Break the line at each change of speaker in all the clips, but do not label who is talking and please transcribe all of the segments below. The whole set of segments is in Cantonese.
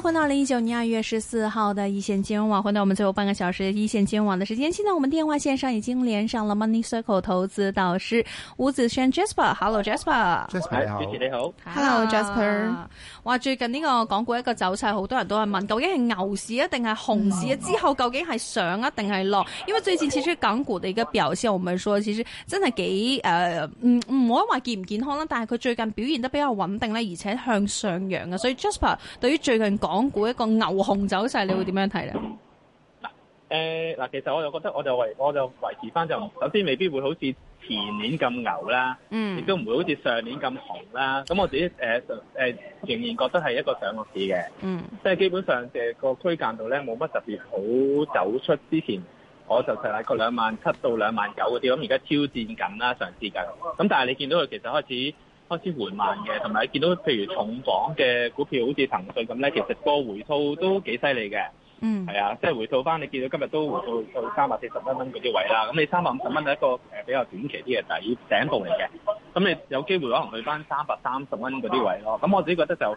歡迎2019年2月14號的一線金融網，歡迎到我們最後半個小時一線金融網的時間。現在我們電話線上已經連上了 Money Circle 投資導師吳子軒 Jasper，Hello Jasper，Jasper 你好，Hello, 你好，Hello Jasper，哇，最近呢個港股一個走勢，好多人都係問究竟係牛市啊定係熊市啊、嗯？之後究竟係上啊定係落？因為最近其實港股的一個表現，我們說其實真係幾誒，唔唔可以話健唔健康啦，但係佢最近表現得比較穩定呢，而且向上揚嘅，所以 Jasper 對於最近港，港股一個牛熊走勢，你會點樣睇咧？嗱，
誒嗱，其實我就覺得我就維我就維持翻就，首先未必會好似前年咁牛啦，嗯，亦都唔會好似上年咁紅啦。咁我自己誒誒，仍然覺得係一個上落市嘅，嗯，即係基本上嘅個區間度咧，冇乜特別好走出之前，我就係大概兩萬七到兩萬九嗰啲，咁而家挑戰緊啦，嘗試緊，咁但係你見到佢其實開始，開始緩慢嘅，同埋你見到譬如重磅嘅股票，好似騰訊咁咧，其實個回吐都幾犀利嘅。嗯。係啊，即係回吐翻，你見到今日都回吐到三百四十蚊噉嗰啲位啦。咁你三百五十蚊係一個比較短期啲嘅底頂部嚟嘅。咁你有機會可能去翻三百三十蚊嗰啲位咯。咁我自己覺得就誒、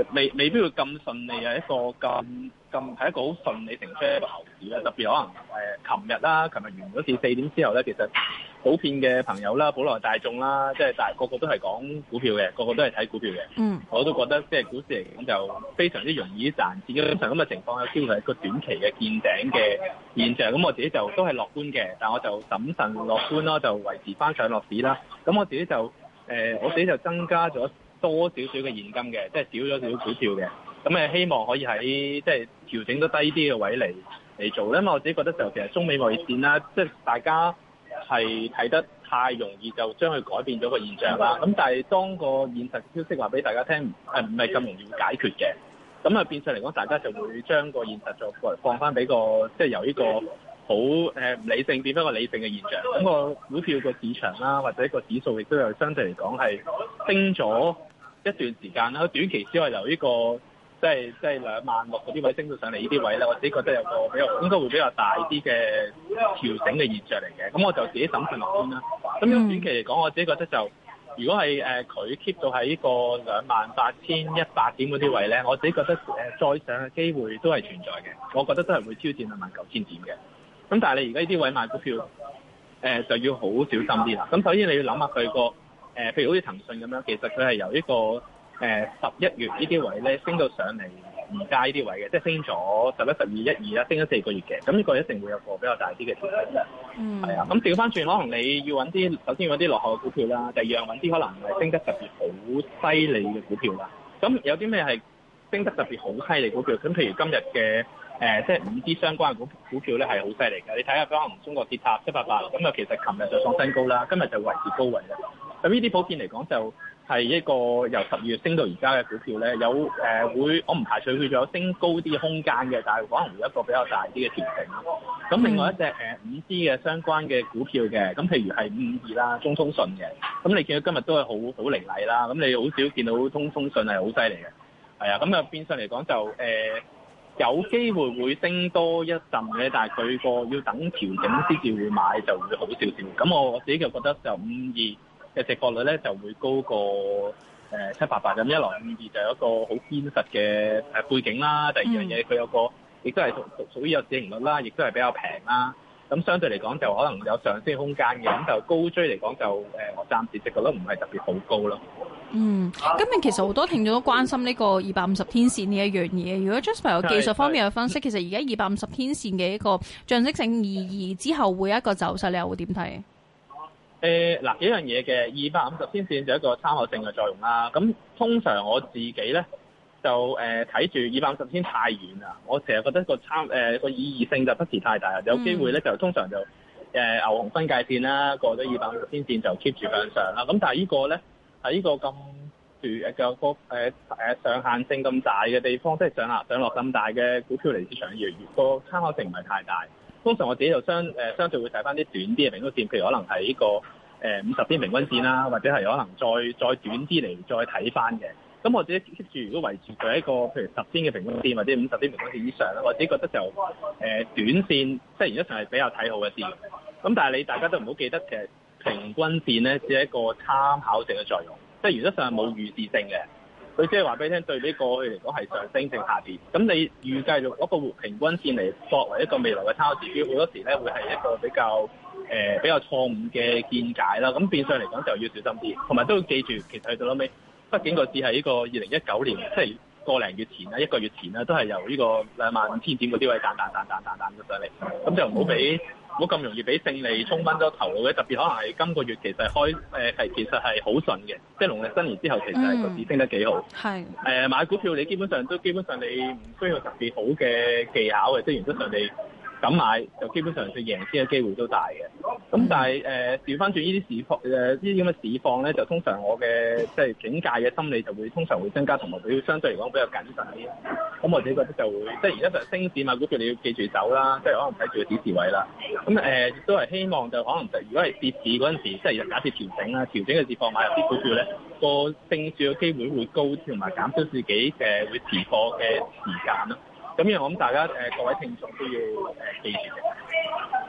呃，未未必會咁順利啊，一個咁咁係一個好順理成章嘅牛市啦。特別可能誒，琴日啦，琴日完咗市四點之後咧，其實。普遍嘅朋友啦，普羅大眾啦，即係大個個都係講股票嘅，個個都係睇股票嘅。嗯，我都覺得即係股市嚟講就非常之容易賺錢。咁成咁嘅情況，有機會係一個短期嘅見頂嘅現象。咁我自己就都係樂觀嘅，但我就審慎樂觀囉，就維持翻上落市啦。咁我自己就誒、呃，我自己就增加咗多少少嘅現金嘅，即係少咗少少股票嘅。咁誒，希望可以喺即係調整到低啲嘅位嚟嚟做咧。因為我自己覺得就其實中美貿易戰啦，即係大家。係睇得太容易就將佢改變咗個現象啦。咁但係當個現實消息話俾大家聽，係唔係咁容易解決嘅？咁啊變相嚟講，大家就會將個現實作過嚟，放翻俾個即係由呢個好唔理性變翻個理性嘅現象。咁個股票個市場啦，或者個指數亦都有相對嚟講係升咗一段時間啦。那個、短期之外由呢個即係即係兩萬六嗰啲位升到上嚟呢啲位咧，我自己覺得有個比較應該會比較大啲嘅調整嘅現象嚟嘅。咁我就自己審慎落先啦。咁樣短期嚟講，我自己覺得就如果係誒佢 keep 到喺呢個兩萬八千一百點嗰啲位咧，我自己覺得、呃、再上嘅機會都係存在嘅。我覺得都係會挑戰兩萬九千點嘅。咁但係你而家呢啲位買股票、呃、就要好小心啲啦。咁首先你要諗下佢個誒，譬如好似騰訊咁樣，其實佢係由一個。誒十一月呢啲位咧，升到上嚟而家呢啲位嘅，即係升咗十一、十二、一二啦，升咗四個月嘅，咁呢個一定會有個比較大啲嘅調整嘅，係啊，咁調翻轉可能你要揾啲，首先揾啲落後嘅股票啦，第二樣揾啲可能係升得特別好犀利嘅股票啦。咁有啲咩係升得特別好犀利股票？咁譬如今日嘅誒，即係五 G 相關股股票咧係好犀利嘅，你睇下可能中國鐵塔七八八，咁啊其實琴日就創新高啦，今日就維持高位嘅。咁呢啲普遍嚟講就。係一個由十二月升到而家嘅股票咧，有誒會、呃，我唔排除佢仲有升高啲空間嘅，但係可能有一個比較大啲嘅調整。咁另外一隻誒五 G 嘅相關嘅股票嘅，咁譬如係五五二啦、中通訊嘅，咁你見到今日都係好好凌厲啦，咁你好少見到中通通訊係好犀利嘅，係啊，咁啊變相嚟講就誒、呃、有機會會升多一陣嘅，但係佢個要等調整先至會買就會好少少。咁我自己就覺得就五五二。嘅折合率咧就會高過誒、呃、七八八咁，一來五二就有一個好堅實嘅誒背景啦，第二樣嘢佢有個亦都係屬屬於有市盈率啦，亦都係比較平啦。咁相對嚟講就可能有上升空間嘅，咁就高追嚟講就誒、呃、我暫時覺得都唔係特別好高咯。嗯，
今日其實好多聽眾都關心呢個二百五十天線呢一樣嘢。如果 Jasper 有技術方面有分析，其實而家二百五十天線嘅一個象徵性意義之後會有一個走勢，你又會點睇？
誒，嗱，幾樣嘢嘅二百五十天線就一個參考性嘅作用啦。咁通常我自己咧就誒睇住二百五十天太遠啦，我成日覺得個參誒個意義性就不時太大啦。有機會咧就通常就誒、呃、牛熊分界線啦，過咗二百五十天線就 keep 住向上啦。咁但係呢個咧喺呢個咁住嘅個上限性咁大嘅地方，即、就、係、是、上，上落上落咁大嘅股票嚟之，上月，個參考性唔係太大。通常我自己就相誒相對會睇翻啲短啲嘅平均線，譬如可能係呢個誒五十天平均線啦，或者係可能再再短啲嚟再睇翻嘅。咁我自己 keep 住，如果維持在一個譬如十天嘅平均線或者五十天平均線以上咧，我自己覺得就、呃、短線，即係原則上係比較睇好嘅線。咁但係你大家都唔好記得，其實平均線咧只係一個參考性嘅作用，即係原則上係冇預示性嘅。佢即係話畀你聽，對比過去嚟講係上升定下跌。咁你預計用嗰個平均線嚟作為一個未來嘅參考指標，好多時呢會係一個比較誒、呃、比較錯誤嘅見解啦。咁變相嚟講就要小心啲，同埋都要記住，其實去到最尾，畢竟個市係呢個二零一九年，即係個零月前啦，一個月前啦，都係由呢個兩萬五千點嗰啲位彈彈彈彈彈彈咗上嚟，咁就唔好畀。冇咁容易俾勝利衝昏咗頭腦嘅，特別可能係今個月其實開，係、呃、其實係好順嘅，即係農曆新年之後其實個市升得幾好。係、嗯呃、買股票你基本上都基本上你唔需要特別好嘅技巧嘅，即係原則上你。咁買就基本上最贏先嘅機會都大嘅，咁但係誒、呃、調翻轉、呃、這這呢啲市況呢啲咁嘅市況咧，就通常我嘅即係警戒嘅心理就會通常會增加，同埋佢相對嚟講比較謹慎啲。咁我自己覺得就會，即係而家就升市買股票，你要記住走啦，即、就、係、是、可能睇住個指示位啦。咁誒、呃、都係希望就可能就如果係跌市嗰陣時，即、就、係、是、假設調整啦，調整嘅市況買入啲股票咧，那個勝算嘅機會會高，同埋減少自己嘅會持貨嘅時間咯。咁樣，我諗大家誒、呃，各位聽眾都要誒、呃、記住嘅。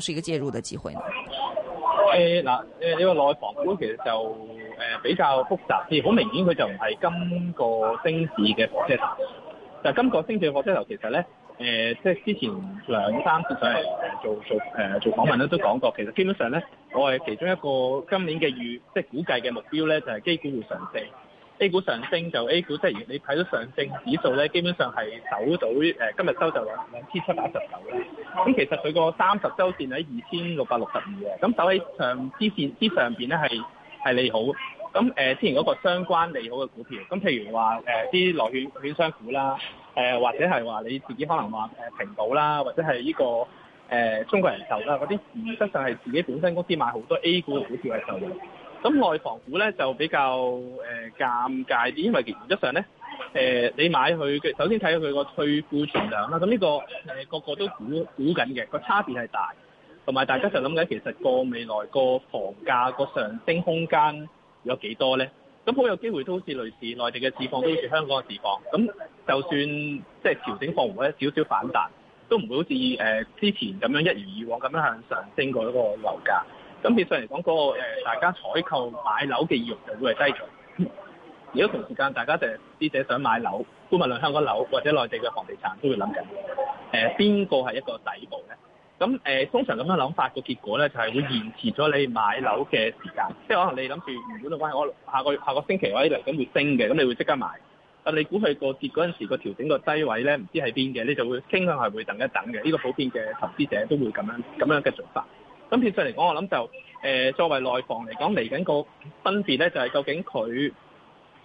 是一個介入的機會呢？
誒、呃、嗱，誒呢個內房股其實就誒比較複雜啲，好明顯佢就唔係今個升市嘅火車頭。但係今個升市嘅火車頭其實咧，誒即係之前兩三次上嚟做做誒做訪、呃、問咧都講過，其實基本上咧，我哋其中一個今年嘅預即係估計嘅目標咧就係、是、基本會上升。A 股上升就 A 股，即係你睇到上證指數咧，基本上係走到誒今日收就兩兩千七百一十九咧。咁其實佢個三十週線喺二千六百六十二嘅，咁走喺上支線之上邊咧係係利好。咁誒之前嗰個相關利好嘅股票，咁譬如話誒啲內証券商股啦，誒或者係話你自己可能話誒平保啦，或者係呢、這個誒、呃、中國人壽啦，嗰啲事實上係自己本身公司買好多 A 股嘅股票係受益。咁內房股咧就比較誒、呃、尷尬啲，因為原則上咧你買佢嘅，首先睇佢、個退庫存量啦。咁呢個個個都估估緊嘅，個差別係大。同埋大家就諗緊，其實個未來個房價個上升空間有幾多咧？咁好有機會都好似類似內地嘅市況，都好似香港嘅市況。咁就算即係、就是、調整貨唔會，少少反彈都唔會好似、呃、之前咁樣一如以往咁樣向上升過一個樓價。咁面上嚟講，嗰、那個大家採購買樓嘅意欲就會係低咗。如果同時間大家就係投資者想買樓，都問兩香港樓或者內地嘅房地產都會諗緊，誒邊個係一個底部咧？咁誒、呃、通常咁樣諗法個結果咧，就係、是、會延遲咗你買樓嘅時間。即係可能你諗住原本嘅話，我下個月、下個星期或者嚟緊會升嘅，咁你會即刻買。但你估佢個跌嗰陣時個調整個低位咧，唔知喺邊嘅，你就會傾向係會等一等嘅。呢、這個普遍嘅投資者都會咁樣咁樣嘅做法。咁面上嚟講，我諗就。誒作為內房嚟講，嚟緊個分別咧，就係究竟佢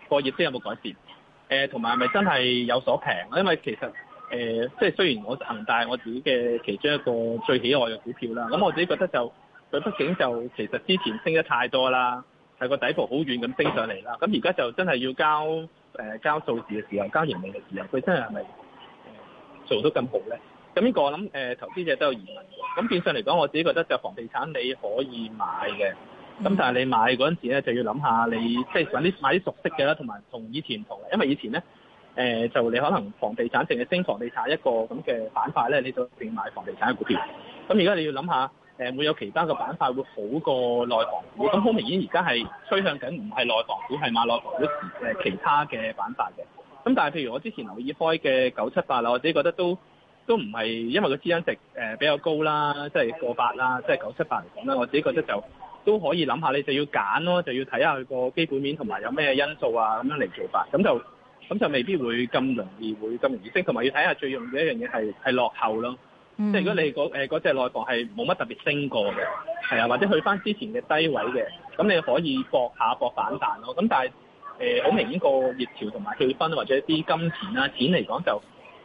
個業績有冇改善？誒同埋係咪真係有所平？因為其實誒，即係雖然我恒大我自己嘅其中一個最喜愛嘅股票啦。咁我自己覺得就佢畢竟就其實之前升得太多啦，係個底部好遠咁升上嚟啦。咁而家就真係要交誒交數字嘅時候，交盈利嘅時候，佢真係係咪做得咁好咧？咁呢個我諗，誒投資者都有疑問嘅。咁變相嚟講，我自己覺得就房地產你可以買嘅。咁但係你買嗰陣時咧，就要諗下你即係搵啲買啲熟悉嘅啦，同埋同以前唔同。因為以前咧，誒、呃、就你可能房地產淨係升房地產一個咁嘅板塊咧，你就淨買房地產嘅股票。咁而家你要諗下，誒、呃、會有其他嘅板塊會好過內房股。咁好明顯而家係趨向緊唔係內房股，係買內房股誒其他嘅板塊嘅。咁但係譬如我之前留意開嘅九七八啦，我自己覺得都。都唔係因為個資產值誒比較高啦，即係過百啦，即係九七八嚟講啦，我自己覺得就都可以諗下，你就要揀咯，就要睇下佢個基本面同埋有咩因素啊咁樣嚟做法，咁就咁就未必會咁容易會咁容易升，同埋要睇下最容易一樣嘢係落後咯，mm -hmm. 即係如果你嗰誒隻內房係冇乜特別升過嘅，啊，或者去翻之前嘅低位嘅，咁你可以博下博反彈咯，咁但係好、呃、明顯個熱潮同埋氣氛或者啲金錢啦錢嚟講就。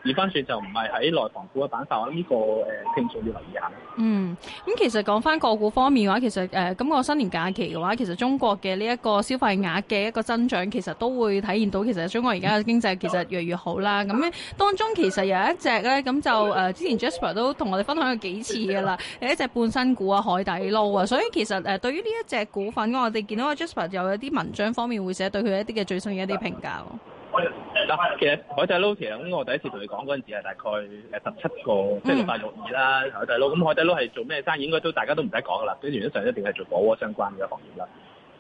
而翻轉就唔係喺內房股嘅板塊，
我諗呢個誒，聽眾要留意下。嗯，咁其實講翻個股方面嘅話，其實誒，咁、呃今個新年假期嘅話，其實中國嘅呢一個消費額嘅一個增長，其實都會體現到其實中國而家嘅經濟其實越嚟越好啦。咁當中其實有一隻咧，咁就誒、呃，之前 Jasper 都同我哋分享過幾次㗎啦，有一隻半新股啊，海底撈啊。所以其實誒，對於呢一隻股份我哋見到 Jasper 有一啲文章方面會寫對佢一啲嘅最新一啲評價。
嗱，其實海底撈其實咁，我第一次同你講嗰陣時係大概誒十七個，即係六八六二啦，海底撈咁海底撈係做咩生意？應該都大家都唔使講噶啦，咁原則上一定係做火鍋相關嘅行業啦。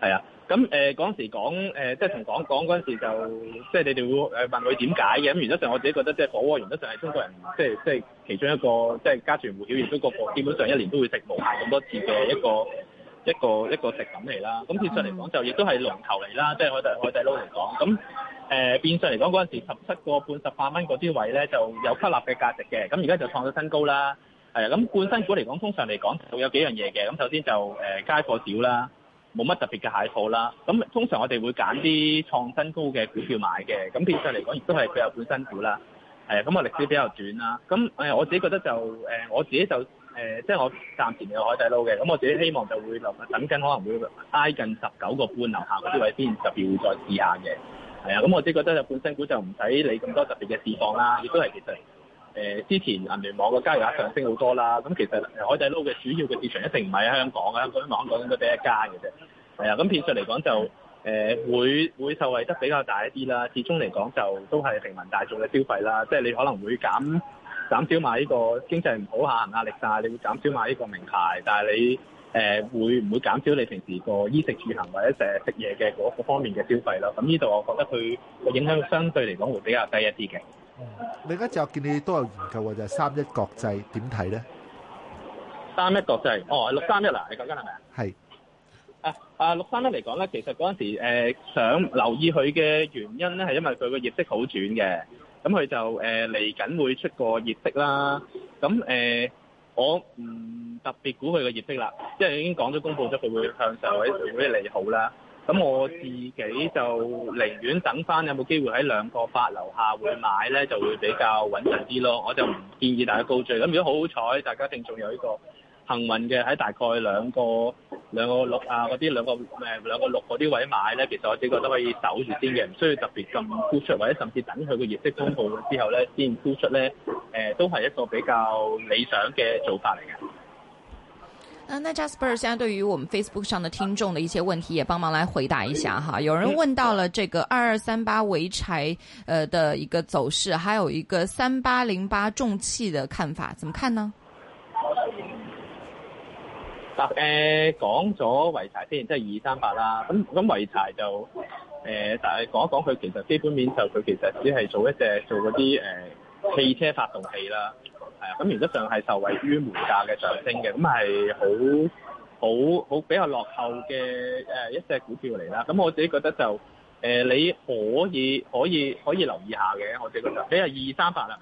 係啊，咁誒嗰陣時講、呃、即係同講講嗰陣時就，即係你哋會誒問佢點解嘅咁？原則上我自己覺得，即係火鍋原則上係中國人，即係即係其中一個，即係家傳戶曉，亦都個個基本上一年都會食無限咁多次嘅一個。一個一個食品嚟啦，咁事實嚟講就亦都係龍頭嚟啦，即、就、係、是、我哋海底撈嚟講，咁誒、呃、變相嚟講嗰陣時十七個半十八蚊嗰啲位咧，就有吸納嘅價值嘅，咁而家就創咗新高啦。係啊，咁半新股嚟講，通常嚟講有幾樣嘢嘅，咁首先就誒、呃、街貨少啦，冇乜特別嘅蟹貨啦，咁通常我哋會揀啲創新高嘅股票買嘅，咁變相嚟講亦都係比較半新股啦。係啊，咁個歷史比較短啦，咁誒、呃、我自己覺得就誒、呃、我自己就。誒、呃，即係我暫時未有海底撈嘅，咁我自己希望就會留等緊，可能會挨近十九個半樓下嗰啲位先，特別會再試一下嘅。係啊，咁我自己覺得就本身股就唔使理咁多特別嘅市況啦，亦都係其實誒、呃、之前銀聯網嘅交易額上升好多啦。咁其實海底撈嘅主要嘅市場一定唔係香港啊，香港港應該得一家嘅啫。係啊，咁撇出嚟講就誒、呃、會會受惠得比較大一啲啦。始終嚟講就都係平民大眾嘅消費啦，即係你可能會減。減少買呢個經濟唔好下行壓力大，你會減少買呢個名牌，但係你誒、呃、會唔會減少你平時個衣食住行或者成日食嘢嘅嗰個方面嘅消費？咁呢度我覺得佢個影響相對嚟講會比較低一啲嘅。你而家就見你都有研究嘅就係、是、三一國際點睇咧？三一國際，哦，六三一啦，你講緊係咪啊？係。啊啊，六三一嚟講咧，其實嗰陣時、呃、想留意佢嘅原因咧，係因為佢個業績好轉嘅。咁佢就誒嚟緊會出個業績啦，咁誒、呃、我唔特別估佢個業績啦，即係已經講咗公佈咗佢會向上位，或者會利好啦。咁我自己就寧願等翻有冇機會喺兩個八樓下會買咧，就會比較穩陣啲咯。我就唔建議大家高追。咁如果好好彩，大家一定仲有呢個。幸運嘅喺大概兩個兩個六啊嗰啲兩個誒兩個六嗰啲位買呢，其實我自己覺得可以守住先嘅，唔需要特別咁沽出，或者甚至等佢個業績公布之後呢，先沽出呢，誒、呃、都係一個比較理想嘅做法嚟嘅。
啊，那 Jasper，相對於我們 Facebook 上嘅聽眾的一些問題，也幫忙來回答一下哈。有人問到了這個二二三八濰柴，呃的一個走勢，還有一個三八零八重汽的看法，怎麼看呢？
嗱，講咗維柴先，即係二三八啦。咁咁維柴就誒，但、呃、係講一講佢其實基本面就佢其實只係做一隻做嗰啲誒汽車發動器啦。啊，咁原則上係受惠於煤價嘅上升嘅。咁係好好好比較落後嘅一隻股票嚟啦。咁我自己覺得就誒、呃、你可以可以可以留意下嘅。我自己覺得，比係二三八啦，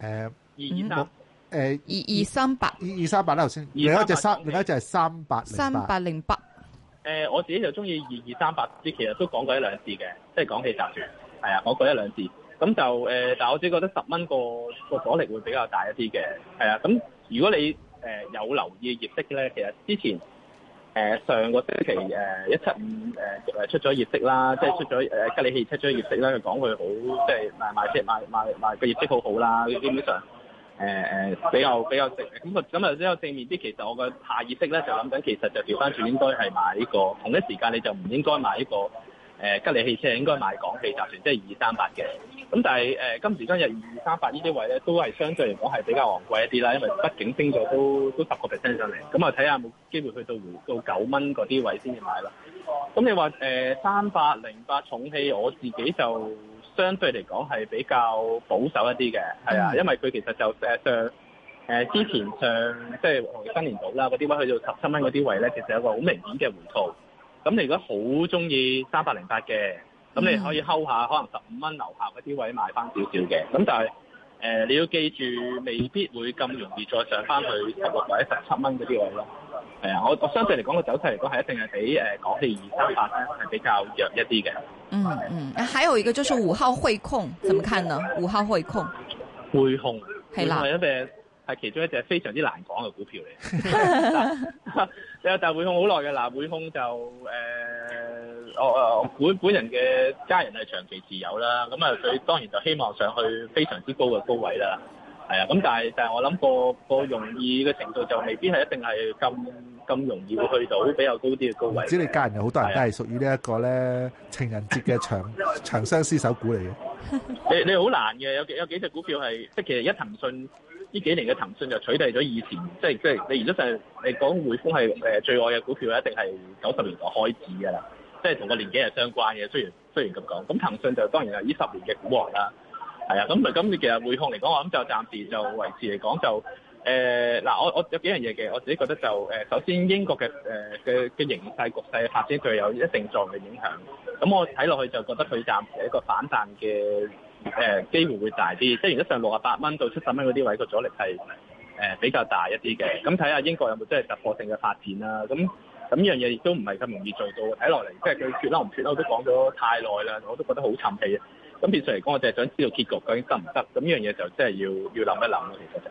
係咪
啊？二二三。誒，二二三八，二二三八啦，頭先。而家只三，而家只係三,百三,百三,百三百八三八零八，
呃。誒，我自己就中意二二三八，之其實都講過一兩次嘅，即係講起集團，係啊，我講過一兩次。咁就誒，但係我自己覺得十蚊個個阻力會比較大一啲嘅，係啊。咁如果你誒有留意業績咧，其實之前誒、呃、上個星期誒、呃、一七五誒、呃、出咗業績啦，即係出咗誒、呃、吉利汽出咗業績啦，講佢好即係賣賣車賣賣賣個業績好好啦，基本上。誒誒比較比較直。咁個咁啊，先有正面啲，其實我個下意識咧就諗緊，其實就調翻轉應該係買呢、這個同一時間，你就唔應該買呢、這個誒、呃、吉利汽車，應該買廣汽集團，即係二三八嘅。咁但係誒、呃、今時今日二三八呢啲位咧，都係相對嚟講係比較昂貴一啲啦，因為畢竟升咗都都十個 percent 上嚟。咁啊睇下有冇機會去到到九蚊嗰啲位先至買啦。咁你話誒三八零八重汽，我自己就。相對嚟講係比較保守一啲嘅，係啊，因為佢其實就誒上誒、呃、之前上即係新年到啦嗰啲位去到十七蚊嗰啲位咧，其實有個好明顯嘅回吐。咁你如果好中意三百零八嘅，咁你可以睺下可能十五蚊樓下嗰啲位買翻少少嘅。咁但係誒、呃、你要記住，未必會咁容易再上翻去十六或者十七蚊嗰啲位咯。係啊，我我相對嚟講個走勢嚟講係一定係比誒、呃、港地二三百咧係比較弱一啲嘅。
嗯嗯、啊，還有一個就是五號匯控，怎麼看呢？五號匯控，
匯控，係啦，係一隻，係其中一隻非常之難講嘅股票嚟。有 但匯控好耐嘅，嗱匯控就誒，我、呃、我、呃、本本人嘅家人係長期持有啦，咁啊，佢當然就希望上去非常之高嘅高位啦。係啊，咁但係但係我諗個個容易嘅程度就未必係一定係咁。咁容易會去到比較高啲嘅高位。唔知你家人有好多人都係屬於呢一個咧情人節嘅長相廝守股嚟嘅。你你好難嘅，有有幾隻股票係即係其實一騰訊呢幾年嘅騰訊就取代咗以前，即係即係你而家就你講匯豐係最愛嘅股票，一定係九十年代開始嘅啦，即係同個年紀係相關嘅。雖然雖然咁講，咁騰訊就當然係呢十年嘅股王啦。係啊，咁咁你其實匯控嚟講，我諗就暫時就維持嚟講就。誒、呃、嗱，我我有幾樣嘢嘅，我自己覺得就誒，首先英國嘅誒嘅嘅形勢局勢發展，佢有一定度嘅影響。咁我睇落去就覺得佢暫時一個反彈嘅誒、呃、機會會大啲，即係如果上六十八蚊到七十蚊嗰啲位，個阻力係誒、呃、比較大一啲嘅。咁睇下英國有冇真係突破性嘅發展啦、啊。咁咁呢樣嘢亦都唔係咁容易做到。睇落嚟即係佢脫歐唔脫歐都講咗太耐啦，我都覺得好沉氣。咁撇除嚟講，我就係想知道結局究竟得唔得？咁呢樣嘢就真係要要諗一諗，其實就。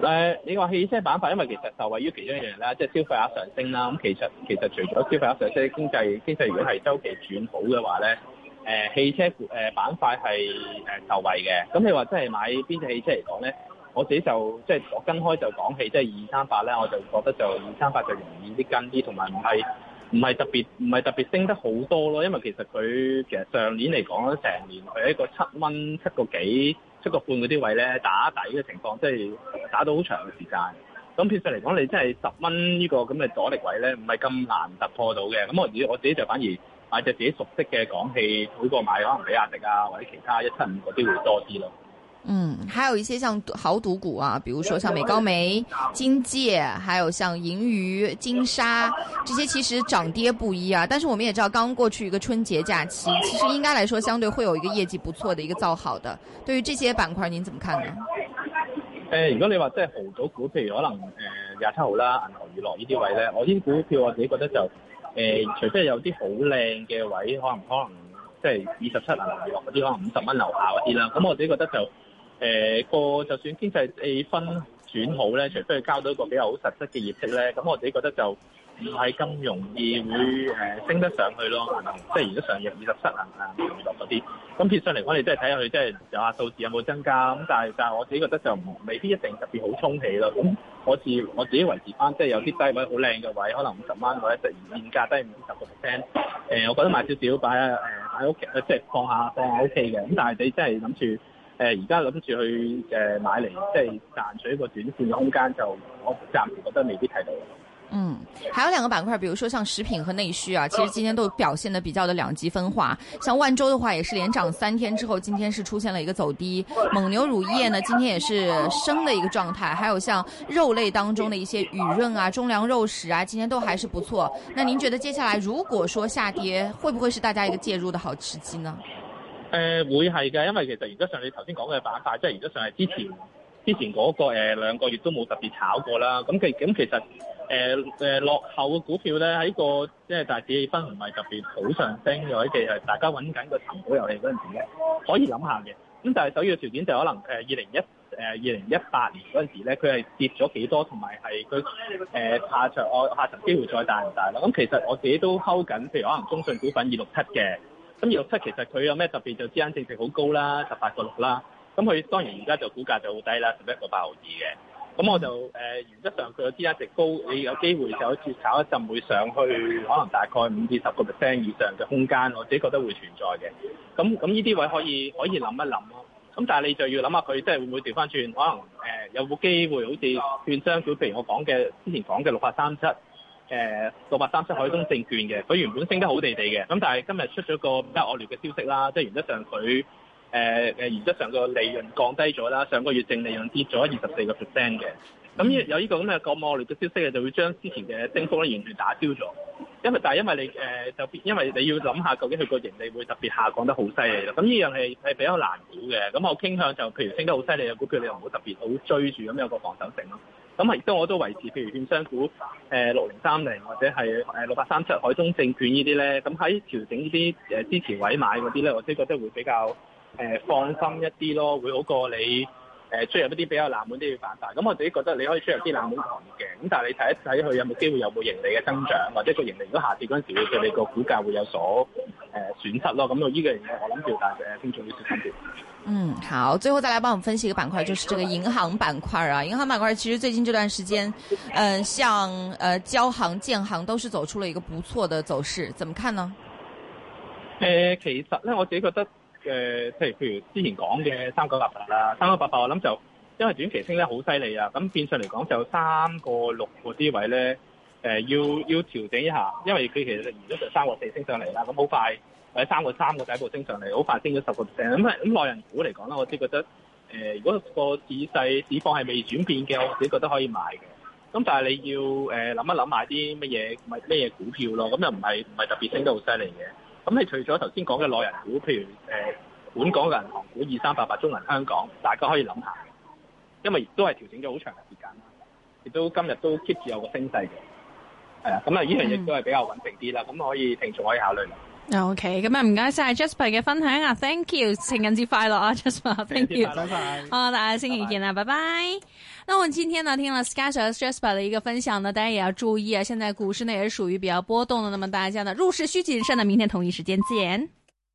誒，你話汽車板塊，因為其實受惠於其中一樣咧，即係消費額上升啦。咁其實其實除咗消費額上升，經濟經濟如果係週期轉好嘅話咧，誒汽車誒板塊係誒受惠嘅。咁你話即係買邊隻汽車嚟講咧？我自己就即係我跟開就講起，即係二三八咧，我就覺得就二三八就容易啲跟啲，同埋唔係唔係特別唔係特別升得好多咯。因為其實佢其實上年嚟講成年係一個七蚊七個幾。七個半嗰啲位咧，打底嘅情況，即係打到好長嘅時間。咁其實嚟講，你真係十蚊呢個咁嘅阻力位咧，唔係咁難突破到嘅。咁我我自己就反而買隻自己熟悉嘅港氣，好過買可能比亞迪啊或者其他一七五嗰啲會多啲咯。
嗯，還有一些像豪賭股啊，比如說像美高梅、金界還有像銀娛金沙，這些其實漲跌不一啊。但是我們也知道，剛過去一個春節假期，其實應該來說相對會有一個業績不錯的一個造好的。對於這些板塊，您怎麼看呢？
呃、如果你話即係豪賭股，譬如可能誒廿七號啦、銀河、娛樂呢啲位咧，我啲股票我自己覺得就呃除非有啲好靚嘅位，可能可能即係二十七銀河娛樂嗰啲，可能五十蚊樓下嗰啲啦，咁我自己覺得就。誒、呃、個就算經濟氣氛轉好咧，除非佢交到一個比較好實質嘅業績咧，咁我自己覺得就唔係咁容易會誒升得上去咯，即係如果上日二十七啊，娛樂嗰啲，咁撇上嚟我哋真係睇下佢，即係有下數字有冇增加，咁但係但係我自己覺得就未必一定特別好沖起咯。咁我自我自己維持翻，即係有啲低位好靚嘅位，可能五十蚊或者突現價低五十個 percent，誒，我覺得買少少擺誒擺喺屋企，即係放下放喺屋企嘅。咁但係你真係諗住？呃而家諗住去、呃、買嚟，即係賺取一個短線空間就，就我暫時覺得未必睇到。
嗯，還有兩個板塊，比如說像食品和內需啊，其實今天都表現得比較的兩極分化。像萬洲的話，也是連漲三天之後，今天是出現了一個走低。蒙牛乳業呢，今天也是升的一個狀態。還有像肉類當中的一些雨潤啊、中糧肉食啊，今天都還是不錯。那您覺得，接下來如果說下跌，會不會是大家一個介入的好時機呢？
誒、呃、會係嘅，因為其實而家上你頭先講嘅板塊，即係而家上係之前之前嗰、那個誒、呃、兩個月都冇特別炒過啦。咁其咁其實誒誒、呃、落後嘅股票咧，喺個即係大市氣氛唔係特別好上升嗰陣時，係大家揾緊個尋寶遊戲嗰陣時咧，可以諗下嘅。咁但係首要的條件就係可能誒二零一誒二零一八年嗰陣時咧，佢係跌咗幾多，同埋係佢誒下場外下層機會再大唔大啦。咁其實我自己都 hold 緊，譬如可能中信股份二六七嘅。咁二六七其實佢有咩特別就資產淨值好高啦，十八個六啦。咁佢當然而家就股價就好低啦，十一個八毫二嘅。咁我就誒、呃、原則上佢有資產值高，你有機會就好似炒一陣會上去，可能大概五至十個 percent 以上嘅空間，我自己覺得會存在嘅。咁咁呢啲位可以可以諗一諗咯、啊。咁但係你就要諗下佢即係會唔會調翻轉，可能誒、呃、有冇機會好似券商，舉譬如我講嘅之前講嘅六八三七。誒，六百三十海通證券嘅，佢原本升得好地地嘅，咁但係今日出咗個比較惡劣嘅消息啦，即係原則上佢誒誒原則上個利潤降低咗啦，上個月淨利潤跌咗二十四個 percent 嘅，咁有呢個咁嘅咁惡劣嘅消息啊，就會將之前嘅升幅咧完全打消咗，因為但係因為你誒、呃、就因為你要諗下究竟佢個盈利會特別下降得好犀利啦，咁呢樣嘢係比較難估嘅，咁我傾向就譬如升得好犀利嘅股票，你又唔好特別好追住咁，有個防守性咯。咁亦都，我都維持，譬如券商股，誒六零三零或者係誒六八三七海通證券呢啲咧，咁喺調整、呃、呢啲支持位買嗰啲咧，我都覺得會比較、呃、放心一啲咯，會好過你、呃、出入一啲比較冷門啲嘅板塊。咁我自己覺得你可以出入啲冷門行業嘅，咁但係你睇一睇佢有冇機會有冇盈利嘅增長，或者個盈利如果下跌嗰陣時會對你個股價會有所，誒，損失咯，咁度依個我諗較大嘅，先做呢啲判斷。
嗯，好，最後再來幫我們分析一個板塊，就是這個銀行板塊啊。銀行板塊其實最近這段時間，嗯、呃，像誒、呃、交行、建行都是走出了一個不錯的走勢，怎麼看呢？誒、
呃，其實咧，我自己覺得，誒、呃，即係譬如之前講嘅三九八八啦，三九八八我，我諗就因為短期升得好犀利啊，咁變相嚟講就三個六個啲位咧。誒要要調整一下，因為佢其實而家就三個四升上嚟啦，咁好快喺三個三個底部升上嚟，好快升咗十個 percent。咁咁內人股嚟講啦，我只覺得誒、呃，如果個指勢指況係未轉變嘅，我自己覺得可以買嘅。咁但係你要誒諗、呃、一諗買啲乜嘢咪咩股票咯？咁又唔係唔係特別升得好犀利嘅。咁你除咗頭先講嘅內人股，譬如誒、呃，本港嘅銀行股二三八八、中銀香港，大家可以諗下嘅，因為都係調整咗好長嘅時間啦，亦都今日都 keep 住有個升勢嘅。係、嗯、啊，咁、嗯、啊，呢樣亦都係比較穩定啲啦，
咁可以聽眾可以考慮。OK，咁啊，唔該晒 Jasper 嘅分享啊，Thank you，情人節快樂啊，Jasper，Thank you， 好，大家新年見啦，拜拜。那我今天呢聽了 Skyscraper Jasper 的一個分享呢，大家也要注意啊，現在股市呢也是屬於比較波動的，那麼大家呢入市需謹慎呢，明天同一時間見。